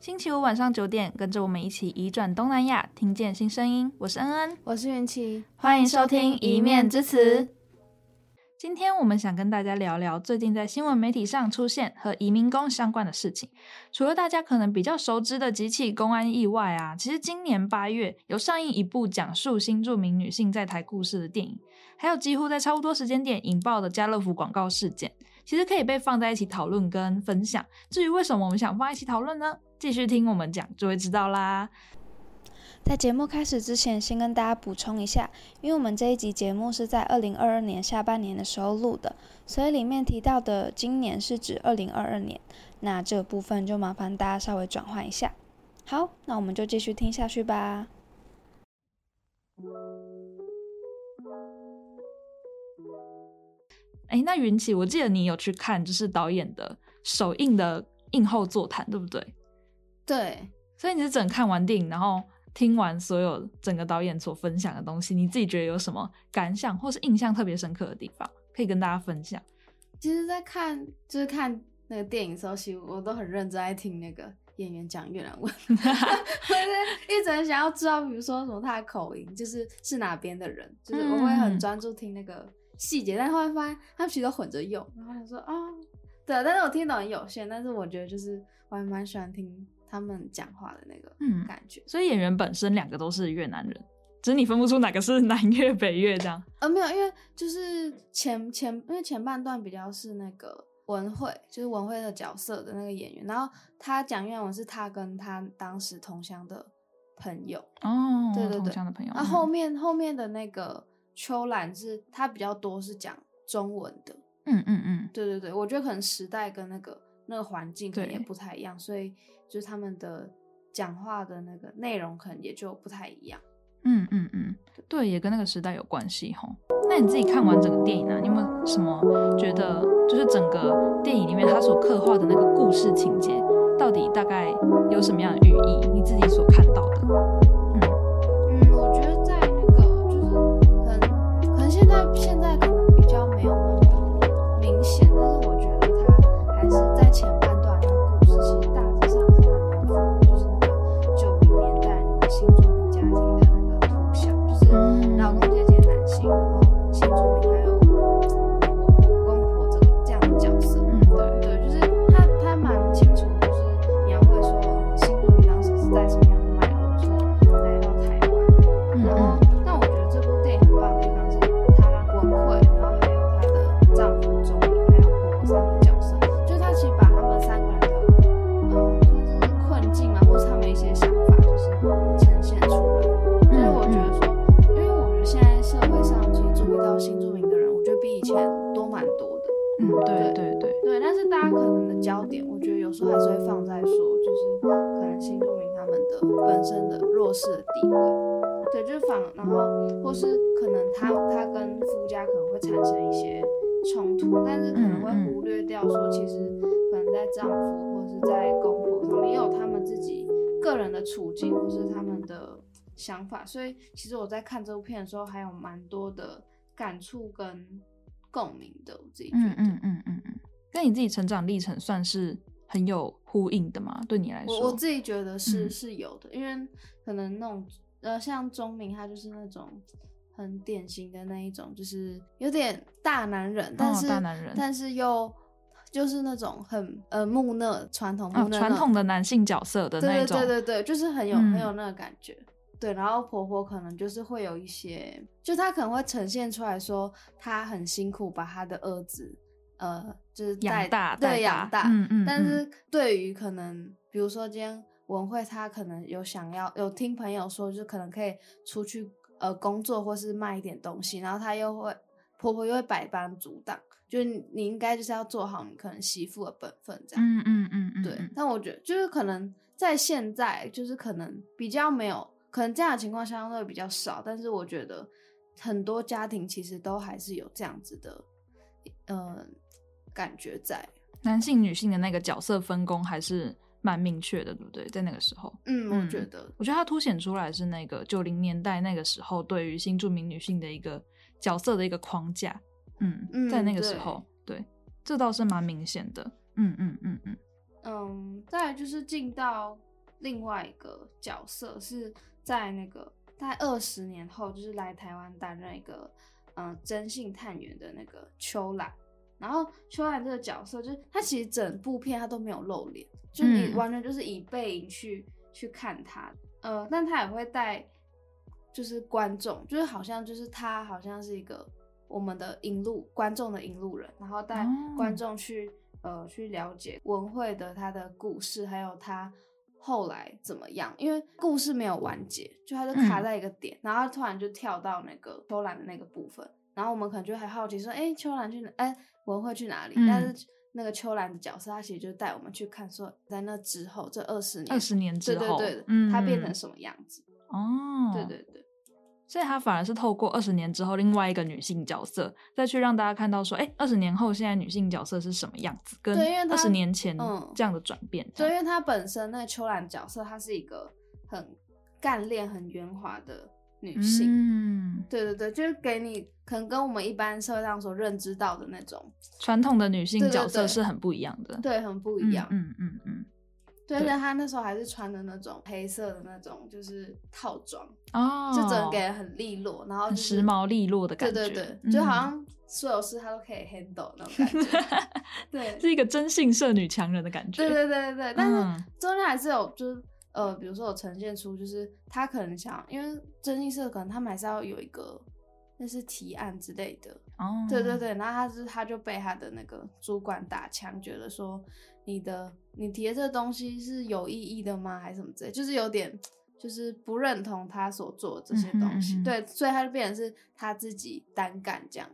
星期五晚上九點，跟着我們一起移轉東南亞，聽見新聲音。我是恩恩，我是元琪，歡迎收聽移面之詞。今天我們想跟大家聊聊最近在新聞媒體上出現和移民工相關的事情。除了大家可能比較熟知的幾起公安意外啊，其實今年八月有上映一部講述新住民女性在台故事的電影，還有幾乎在差不多時間點引爆的家樂福廣告事件。其實可以被放在一起討論跟分享。至於為什麼我們想放一起討論呢？繼續聽我們講就會知道啦。在節目開始之前，先跟大家補充一下，因為我們這一集節目是在二零二二年下半年的時候錄的，所以裡面提到的今年是指二零二二年。那這部分就麻煩大家稍微轉換一下。好，那我們就繼續聽下去吧。哎、欸，那雲奇，我記得你有去看，就是導演的首映的映後座談，對不對？對。所以你是整看完電影，然後聽完所有整個導演所分享的東西，你自己覺得有什麼感想，或是印象特別深刻的地方，可以跟大家分享？其實，在看就是看那個電影的時候，其實我都很認真在聽那個演員講越南文，就 是 一直想要知道，比如說什麼他的口音，就是是哪邊的人，就是我會很專注聽那個。嗯細節，但後來發現他們其實都混着用，然後想說啊、哦，對，但是我聽懂很有限，但是我覺得就是我還蠻喜歡聽他們講話的那個感覺。嗯、所以演員本身兩個都是越南人，只是你分不出哪個是南越北越這樣。呃，沒有，因為就是前前，因為前半段比較是那個文慧，就是文慧的角色的那個演員，然後他講越南文是他跟他當時同鄉的朋友。哦，對對對，同鄉的朋友。那、啊、後面後面的那個。秋蘭是他比較多是講中文的，嗯嗯嗯，對對對，我覺得可能時代跟那個那個環境可能也不太一樣，所以就是他們的講話的那個內容可能也就不太一樣，嗯嗯嗯，對，也跟那個時代有關係吼。那你自己看完整個電影啊，你有沒有什麼覺得就是整個電影裡面它所刻畫的那個故事情節，到底大概有什麼樣的寓意？你自己所看到的？會產生一些衝突，但是可能會忽略掉說，其實可能在丈夫或者是在公婆上面他們也有他們自己個人的處境或是他們的想法，所以其實我在看這部片的時候，還有蠻多的感觸跟共鳴的。我自己覺得，嗯嗯嗯嗯，跟你自己成長歷程算是很有呼應的嗎？對你來說，我我自己覺得是是有的。嗯，因為可能那種呃，像鍾明他就是那種。很典型的那一種，就是有點大男人，哦、但是大男人，但是又就是那種很呃木訥、傳統木訥、哦、傳統的男性角色的那種，對對，對對對，就是很有、嗯、很有那個感覺。對，然後婆婆可能就是會有一些，就她可能會呈現出來，說她很辛苦把她的兒子，呃，就是養大、大，對，養大，嗯嗯，但是對於可能比如說今天文慧，她可能有想要，有聽朋友說，就可能可以出去。呃，工作或是賣一點東西，然後她又會，婆婆又會百般阻擋，就是你應該就是要做好你可能媳婦的本分這樣。嗯嗯嗯嗯，對嗯。但我覺得就是可能在現在，就是可能比較沒有，可能這樣的情況相對比較少。但是我覺得很多家庭其實都還是有這樣子的，呃，感覺在男性、女性的那個角色分工還是。蠻明確的，對不對？在那個時候，嗯，我覺得，我覺得它凸顯出來是那個九零年代那個時候對於新住民女性的一個角色的一個框架，嗯，嗯在那個時候，對，對這倒是蠻明顯的，嗯嗯嗯嗯，嗯，再來就是進到另外一個角色是在那個大概二十年後，就是來台灣擔任一個嗯、呃、徵信探員的那個秋蘭。然後秋蘭這個角色，就是他其實整部片他都沒有露臉，就你完全就是以背影去、嗯、去看他，呃，但他也會帶，就是觀眾，就是好像就是他好像是一個我們的引路觀眾的引路人，然後帶觀眾去、哦、呃去了解文慧的他的故事，還有他後來怎麼樣，因為故事沒有完結，就他就卡在一個點，嗯、然後突然就跳到那個秋蘭的那個部分。然後我們可能就還好奇說，哎、欸，秋蘭去哪哎，文、欸、慧去哪裡、嗯？但是那個秋蘭的角色，她其實就帶我們去看，說在那之後這二十年，二十年之後，對對她、嗯、變成什麼樣子？哦，對對對。所以她反而是透過二十年之後另外一個女性角色，再去讓大家看到說，哎、欸，二十年後現在女性角色是什麼樣子？跟二十年前這樣的轉變。對，因為她、嗯、本身那個秋蘭角色，她是一個很幹練、很圓滑的。女性，嗯，對對對，就是給你可能跟我們一般社會上所認知到的那種傳統的女性角色是很不一樣的，對，對，對，對，很不一樣，嗯嗯嗯、嗯，對對，她那時候還是穿的那種黑色的那種就是套裝，哦，就整個人很利落，然後、就是、很時髦利落的感覺，對對對，就好像所有事她都可以 handle 那種感覺，嗯、 對， 是一個真性色女強人的感覺，對對對對對，嗯、但是中間還是有就是。呃，比如說我呈現出，就是他可能想，因為爭議社可能他們還是要有一個，那、就是提案之類的。哦、oh.，對對對，那他是他就被他的那個主管打槍，覺得說你的你提的這個東西是有意義的嗎？還是什麼之類？就是有點就是不認同他所做的這些東西。嗯哼嗯哼對，所以他就變成是他自己單幹這樣。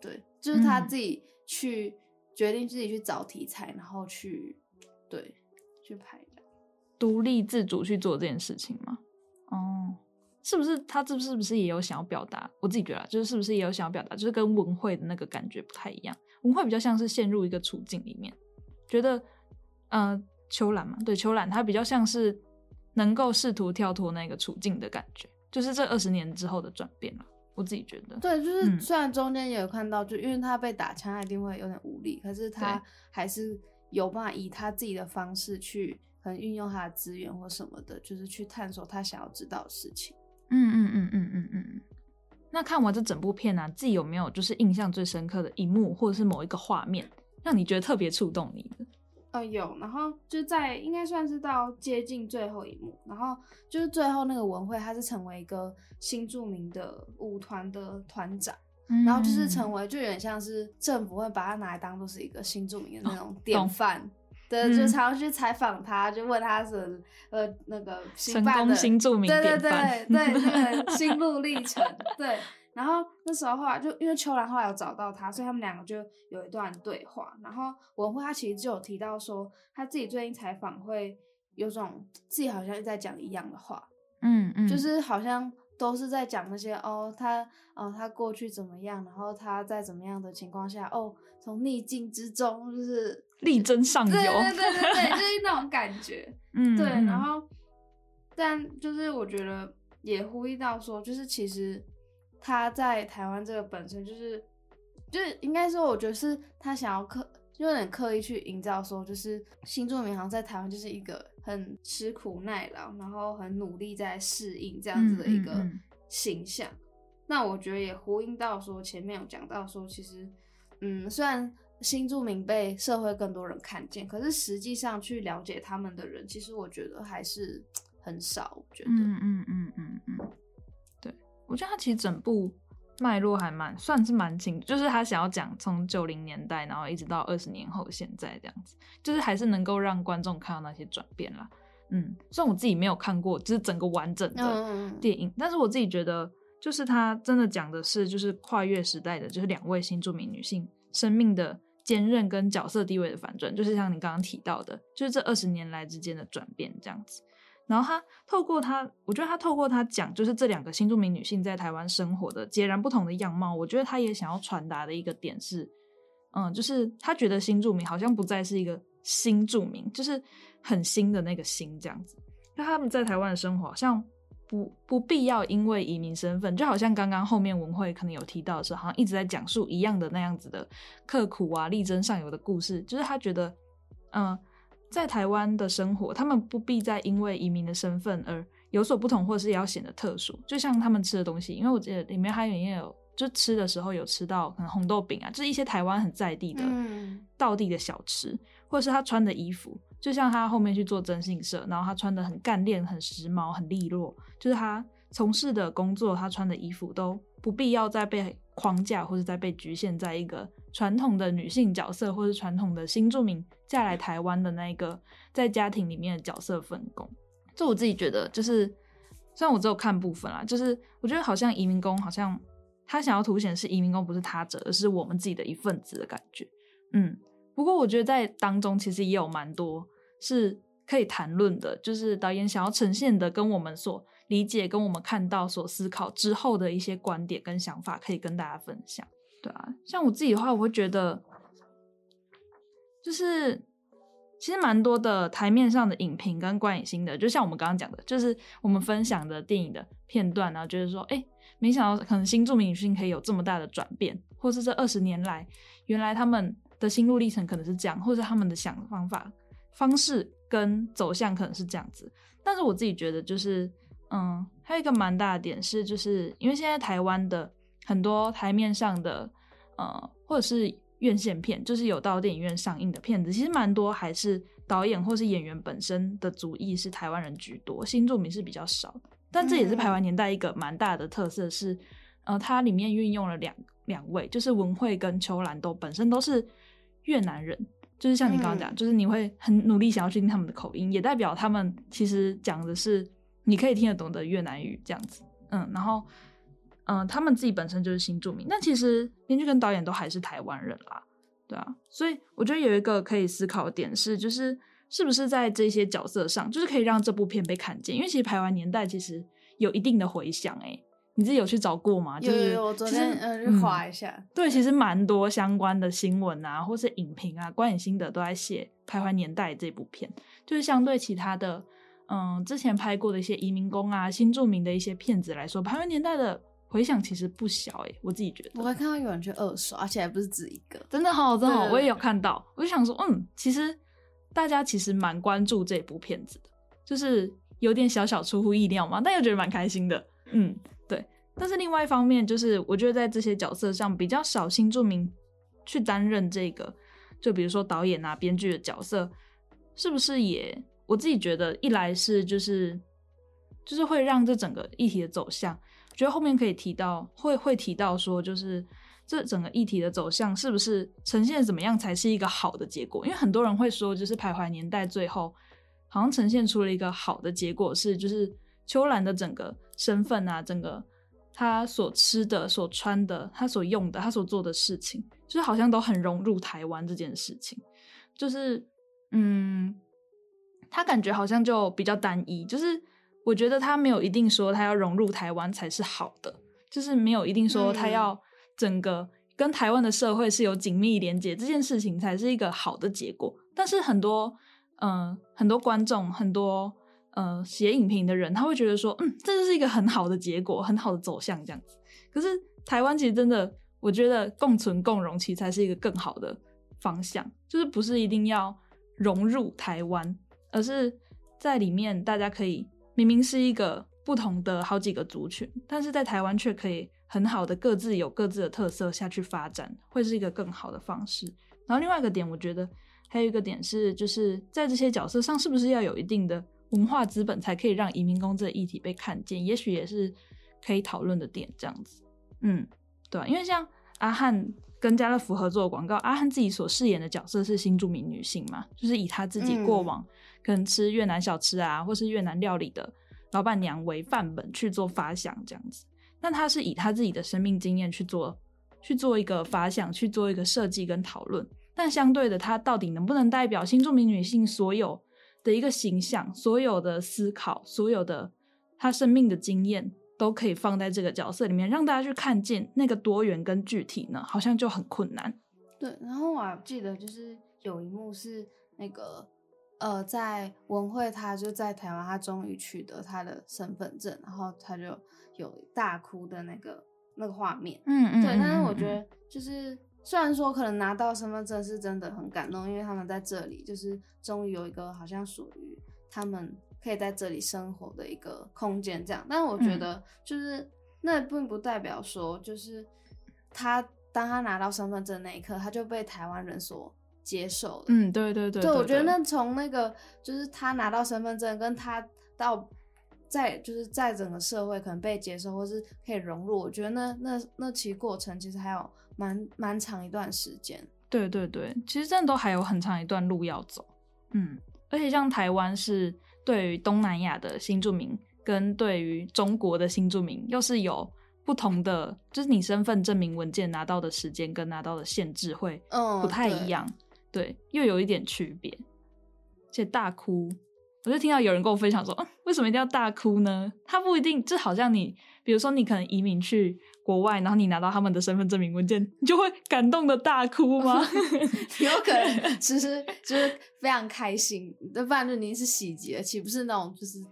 對，就是他自己去決定自己去找題材，然後去對去拍。獨立自主去做這件事情嗎？哦、嗯，是不是他是不是不是也有想要表達？我自己覺得就是是不是也有想要表達，就是跟文慧的那個感覺不太一樣。文慧比較像是陷入一個處境裡面，覺得嗯、呃，秋蘭嘛，對秋蘭，她比較像是能夠試圖跳脫那個處境的感覺，就是這二十年之後的轉變嘛。我自己覺得，對，就是雖然中間也有看到、嗯，就因為他被打槍，他，一定會有點無力，可是他還是有辦法以他自己的方式去。可能運用他的資源或什麼的，就是去探索他想要知道的事情。嗯嗯嗯嗯嗯嗯，那看完這整部片呢，啊，自己有沒有就是印象最深刻的一幕，或者是某一個畫面，讓你覺得特別觸動你的？呃，有。然後就在應該算是到接近最後一幕，然後就是最後那個文慧，她是成為一個新住民的舞團的團長，嗯，然後就是成為就有點像是政府會把他拿來當做是一個新住民的那種典範。哦對就常去採訪他、嗯，就問他是呃那個新辦的，對對對對對， 對那個、心路歷程對。然後那時候後來就因為秋蘭後來有找到他，所以他們兩個就有一段對話。然後文慧她其實就有提到說，他自己最近採訪會有種自己好像在講一樣的話，嗯嗯，就是好像都是在講那些哦他哦他過去怎麼樣，然後他在怎麼樣的情況下哦從逆境之中就是。力爭上游，對對對對 就是那種感覺，嗯，對。然後，但就是我覺得也呼應到說，就是其實他在台灣這個本身就是，就是應該說，我覺得是他想要刻，就有點刻意去營造說，就是新住民好像在台灣就是一個很吃苦耐勞，然後很努力在適應這樣子的一個形象，嗯嗯嗯。那我覺得也呼應到說，前面有講到說，其實，嗯，雖然。新住民被社會更多人看見，可是實際上去了解他們的人，其實我覺得還是很少。我覺得，嗯嗯嗯嗯嗯，對，我覺得他其實整部脈絡還蠻算是蠻清楚，就是他想要講從九零年代，然後一直到二十年後現在這樣子，就是還是能夠讓觀眾看到那些轉變啦。嗯，雖然我自己沒有看過就是整個完整的電影，嗯，但是我自己覺得就是他真的講的是就是跨越時代的，就是兩位新住民女性，生命的堅韌跟角色地位的反轉，就是像你剛剛提到的，就是這二十年來之間的轉變這樣子。然後他透過他，我覺得他透過他講，就是這兩個新住民女性在台灣生活的截然不同的樣貌。我覺得他也想要傳達的一個點是，嗯，就是他覺得新住民好像不再是一個新住民，就是很新的那個新這樣子，因為他們在台灣的生活好像，不不必要因為移民身份，就好像剛剛後面文慧可能有提到的時候，好像一直在講述一樣的那樣子的刻苦啊、力爭上游的故事。就是他覺得，嗯、呃，在台灣的生活，他們不必再因為移民的身份而有所不同，或是也要顯得特殊。就像他們吃的東西，因為我覺得裡面還有一也有，就吃的時候有吃到可能紅豆餅啊，就是一些台灣很在地的、道地的小吃，或者是他穿的衣服。就像他後面去做徵信社，然後他穿得很幹練、很時髦、很利落，就是他從事的工作，他穿的衣服都不必要再被框架或者再被侷限在一個傳統的女性角色，或是傳統的新住民嫁來台灣的那一個在家庭裡面的角色分工。 這我自己覺得，就是雖然我只有看部分啦，就是我覺得好像移民工，好像他想要凸顯是移民工，不是他者，而是我們自己的一份子的感覺。嗯，不過我覺得在當中其實也有蠻多，是可以談論的，就是導演想要呈現的，跟我們所理解、跟我們看到、所思考之後的一些觀點跟想法，可以跟大家分享。對啊，像我自己的話，我會覺得，就是其實蠻多的台面上的影評跟觀影心得，就像我們剛剛講的，就是我們分享的電影的片段，啊，然後覺得說，哎、欸，沒想到可能新住民女性可以有這麼大的轉變，或是這二十年來，原來他們的心路歷程可能是這樣，或者他們的想的方法。方式跟走向可能是這樣子，但是我自己覺得就是，嗯，還有一個蠻大的點是，就是因為現在台灣的很多台面上的，呃、嗯，或者是院線片，就是有到電影院上映的片子，其實蠻多還是導演或是演員本身的族裔是台灣人居多，新住民是比較少的。但這也是徘徊年代一個蠻大的特色，是，呃、嗯，它裡面運用了兩兩位，就是文慧跟秋蘭都本身都是越南人。就是像你剛剛講，就是你會很努力想要去聽他們的口音，也代表他們其實講的是你可以聽得懂的越南語這樣子，嗯，然後，嗯，他們自己本身就是新住民，但其實編劇跟導演都還是台灣人啦，對啊，所以我覺得有一個可以思考的點是，就是是不是在這些角色上，就是可以讓這部片被看見，因為其實徘徊年代其實有一定的回響、欸，誒你自己有去找過嗎？就是，有，有，有我昨天呃、嗯、去滑一下。對，對其實蠻多相關的新聞啊，或是影評啊、觀影心得都在寫《徘徊年代》這部片。就是相對其他的，嗯，之前拍過的一些移民工啊、新住民的一些片子來說，《徘徊年代》的回響其實不小誒、欸。我自己覺得，我還看到有人去二刷，而且還不是只一個。真的好，真的好，對對對對我也有看到。我就想說，嗯，其實大家其實蠻關注這部片子的，就是有點小小出乎意料嘛，但又覺得蠻開心的，嗯。但是另外一方面，就是我覺得在這些角色上比較少新住民去擔任這個，就比如說導演啊、編劇的角色，是不是也，我自己覺得一來是就是就是會讓這整個議題的走向，覺得後面可以提到會會提到說，就是這整個議題的走向是不是呈現怎麼樣才是一個好的結果？因為很多人會說，就是《徘徊年代》最後好像呈現出了一個好的結果，是就是秋蘭的整個身份啊，整個。他所吃的、所穿的、他所用的、他所做的事情，就是好像都很融入台灣這件事情。就是，嗯，他感覺好像就比較單一。就是，我覺得他沒有一定說他要融入台灣才是好的，就是沒有一定說他要整個跟台灣的社會是有緊密連接，這件事情才是一個好的結果。但是很多，嗯、呃，很多觀眾，很多。呃，寫影評的人他會覺得說，嗯，這就是一個很好的結果，很好的走向這樣子。可是台灣其實真的，我覺得共存共榮其實才是一個更好的方向，就是不是一定要融入台灣，而是在裡面大家可以明明是一個不同的好幾個族群，但是在台灣卻可以很好的各自有各自的特色下去發展，會是一個更好的方式。然後另外一個點，我覺得還有一個點是，就是在這些角色上是不是要有一定的。文化資本才可以讓移民工這個議題被看見，也許也是可以討論的點。這樣子，嗯，對、啊，因為像阿翰跟家樂福合作廣告，阿翰自己所飾演的角色是新住民女性嘛，就是以他自己過往、嗯、可能吃越南小吃啊，或是越南料理的老板娘為範本去做發想這樣子。但他是以他自己的生命經驗去做，去做一個發想，去做一個設計跟討論。但相對的，他到底能不能代表新住民女性所有？的一個形象，所有的思考，所有的他生命的經驗，都可以放在這個角色裡面，讓大家去看見那個多元跟具體呢，好像就很困難。對，然後我還記得就是有一幕是那個，呃，在文慧，他就在台灣，他終於取得他的身份證，然後他就有大哭的那個那個畫面。嗯嗯。對，嗯，但是我覺得就是。雖然說可能拿到身份證是真的很感動，因為他們在這裡，就是終於有一個好像屬於他們可以在這裡生活的一個空間這樣。但我覺得就是那並不代表說，就是他當他拿到身份證那一刻，他就被台灣人所接受了。嗯，對對對。對，對，我覺得那從那個就是他拿到身份證，跟他到在就是在整個社會可能被接受或是可以融入，我覺得那那那其過程其實還有。蠻蠻長一段時間，對對對，其實真的都還有很長一段路要走，嗯，而且像台灣是對於東南亞的新住民跟對於中國的新住民，又是有不同的，就是你身份證明文件拿到的時間跟拿到的限制會不太一樣，哦、對，對，又有一點區別，而且大哭。我就聽到有人跟我分享說、啊，為什麼一定要大哭呢？他不一定，就好像你，比如說你可能移民去國外，然後你拿到他們的身份證明文件，你就會感動的大哭嗎？哦、有可能，其 實就是非常開心，那 不然就是喜極，豈不是那種就是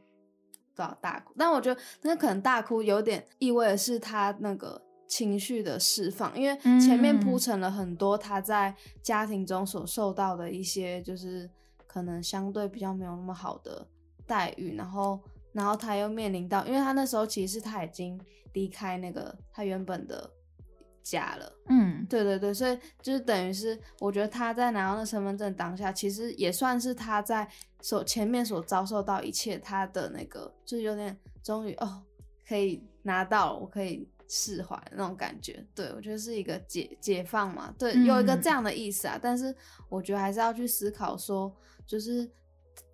搞大哭？但我覺得那個、可能大哭有點意味的是他那個情緒的釋放，因為前面鋪陳了很多他在家庭中所受到的一些就是。可能相對比較沒有那麼好的待遇，然後，然後他又面臨到，因為他那時候其實他已經離開那個他原本的家了，嗯，對對對，所以就是等於是，我覺得他在拿到那身份證當下，其實也算是他在所前面所遭受到一切，他的那個就是有點終於哦，可以拿到了，我可以。釋懷那種感覺，對，我覺得是一個解解放嘛對、嗯，有一個這樣的意思啊。但是我覺得還是要去思考說，說就是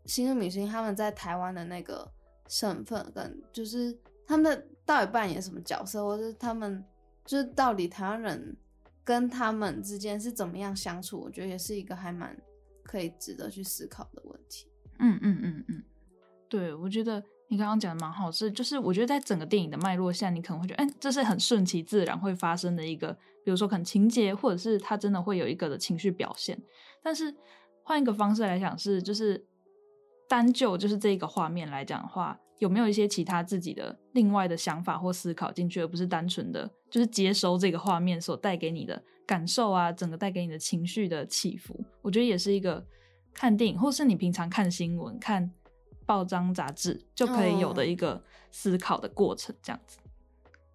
新住民他們在台灣的那個身份，跟就是他們的到底扮演什麼角色，或者是他們就是到底台灣人跟他們之間是怎麼樣相處，我覺得也是一個還蠻可以值得去思考的問題。嗯嗯嗯嗯，對，我覺得。你剛剛講的蠻好，是就是我覺得在整個電影的脈絡下，你可能會覺得，哎、欸，這是很順其自然會發生的一個，比如說可能情節，或者是它真的會有一個的情緒表現。但是換一個方式來講是，是就是單就就是這一個畫面來講的話，有沒有一些其他自己的另外的想法或思考進去，而不是單純的就是接收這個畫面所帶給你的感受啊，整個帶給你的情緒的起伏，我覺得也是一個看電影，或是你平常看新聞看報章雜誌就可以有的一個思考的過程，這樣子。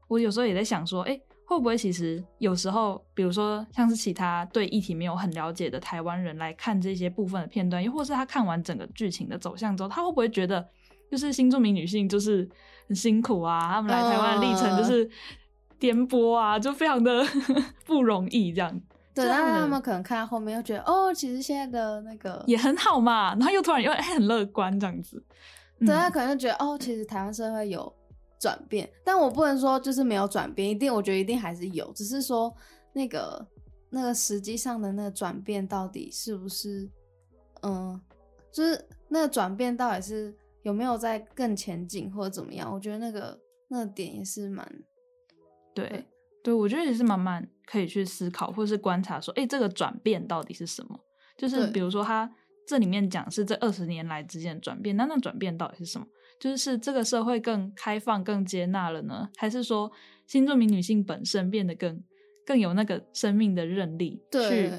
我有時候也在想說，誒，會不會其實有時候，比如說像是其他對議題沒有很了解的台灣人來看這些部分的片段，又或者是他看完整個劇情的走向之後，他會不會覺得，就是新住民女性就是很辛苦啊，他們來台灣的歷程就是顛簸啊，就非常的 不容易這樣。對，然後他們可能看到後面又覺得哦，其實現在的那個，也很好嘛，然後又突然又很樂觀這樣子。對，嗯、他可能就覺得哦，其實台灣社會有轉變，但我不能說就是沒有轉變，一定我覺得一定還是有，只是說那個那個實際上的那個轉變到底是不是，嗯，就是那個轉變到底是有沒有在更前進或者怎麼樣？我覺得那個那個點也是蠻對。對對，我覺得也是慢慢可以去思考，或者是觀察，說，誒這個轉變到底是什麼？就是比如說，他這裡面講是這二十年來之間的轉變，那那轉變到底是什麼？就是這個社會更開放、更接納了呢，還是說新住民女性本身變得更更有那個生命的韌力，去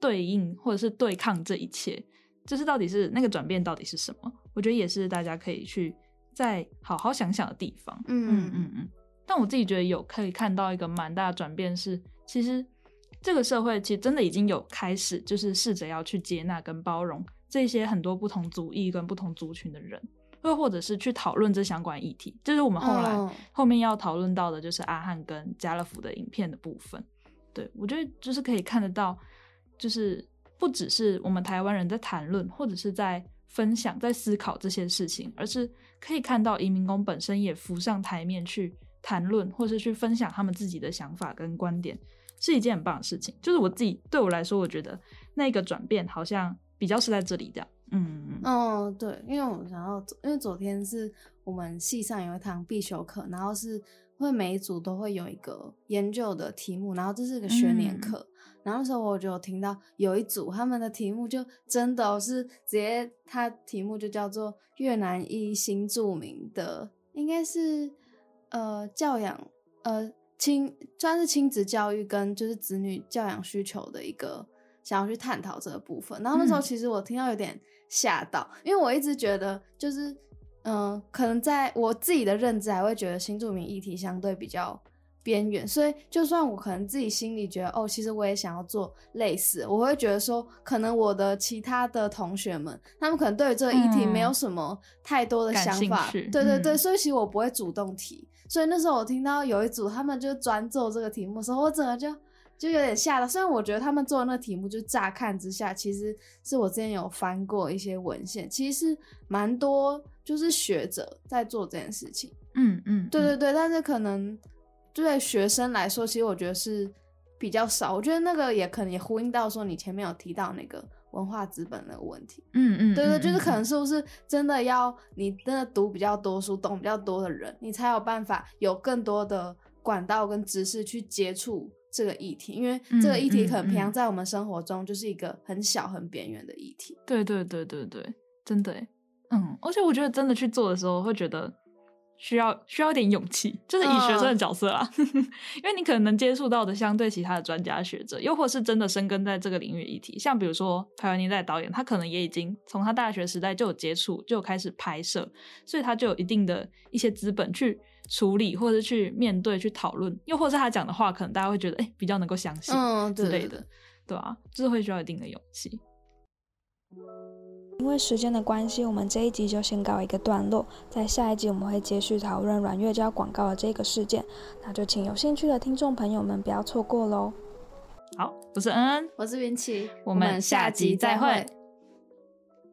對應或者是對抗這一切？就是到底是那個轉變到底是什麼？我覺得也是大家可以去再好好想想的地方。嗯嗯嗯。但我自己覺得有可以看到一個蠻大的轉變是，其實這個社會其實真的已經有開始，就是試着要去接納跟包容這些很多不同族裔跟不同族群的人，又或者是去討論這相關議題。就是我們後來、哦、後面要討論到的就是阿翰跟家樂福的影片的部分。對，我覺得就是可以看得到，就是不只是我們台灣人在談論或者是在分享、在思考這些事情，而是可以看到移民工本身也浮上台面去，談論，或是去分享他們自己的想法跟觀點，是一件很棒的事情。就是我自己對我來說，我覺得那個轉變好像比較是在這裡這樣。嗯嗯哦，對，因為我想要因為昨天是我們系上有一堂必修課，然後是會每一組都會有一個研究的題目，然後這是個學年課、嗯。然後那時候我就聽到有一組他們的題目就真的、哦，是直接他題目就叫做越南裔新住民的，應該是。呃，教養，呃，親算是親子教育跟就是子女教養需求的一個，想要去探討這個部分。嗯、然後那時候其實我聽到有點嚇到，因為我一直覺得就是，嗯、呃，可能在我自己的認知還會覺得新住民議題相對比較邊緣，所以就算我可能自己心裡覺得哦，其實我也想要做類似，我會覺得說，可能我的其他的同學們，他們可能對於這個議題沒有什麼太多的想法，嗯、對對對、嗯，所以其實我不會主動提。所以那時候我聽到有一組他們就專做這個題目的時候，我整個就就有點嚇到。雖然我覺得他們做的那個題目，就乍看之下，其實是我之前有翻過一些文獻，其實蠻多就是學者在做這件事情。嗯嗯，對對對，但是可能，對學生來說，其實我覺得是比較少。我覺得那個也可能也呼應到說你前面有提到那個。文化資本的問題，嗯嗯，對對、嗯，就是可能是不是真的要你真的讀比較多書、嗯、懂比較多的人，你才有辦法有更多的管道跟知識去接觸這個議題，因為這個議題可能平常在我們生活中就是一個很小很邊緣的議題。嗯嗯嗯，就是一個很小很邊緣的議題。對對對對對，真的，嗯，而且我覺得真的去做的時候，我會覺得。需要需要一點勇氣，就是以學生的角色啊，oh. 因為你可能能接觸到的相對其他的專家學者，又或是真的深耕在這個領域的議題，像比如說徘徊年代的導演，他可能也已經從他大學時代就有接觸，就有開始拍攝，所以他就有一定的一些資本去處理或者去面對、去討論，又或者是他講的話，可能大家會覺得哎、欸、比較能夠相信之類的，對啊。就是會需要一定的勇氣。因為時間的關係，我們這一集就先告一個段落，在下一集我們會繼續討論阮月嬌廣告的這個事件，那就請有興趣的聽眾朋友們不要錯過嘍。好，我是恩恩，我是雲奇，我們下集再會。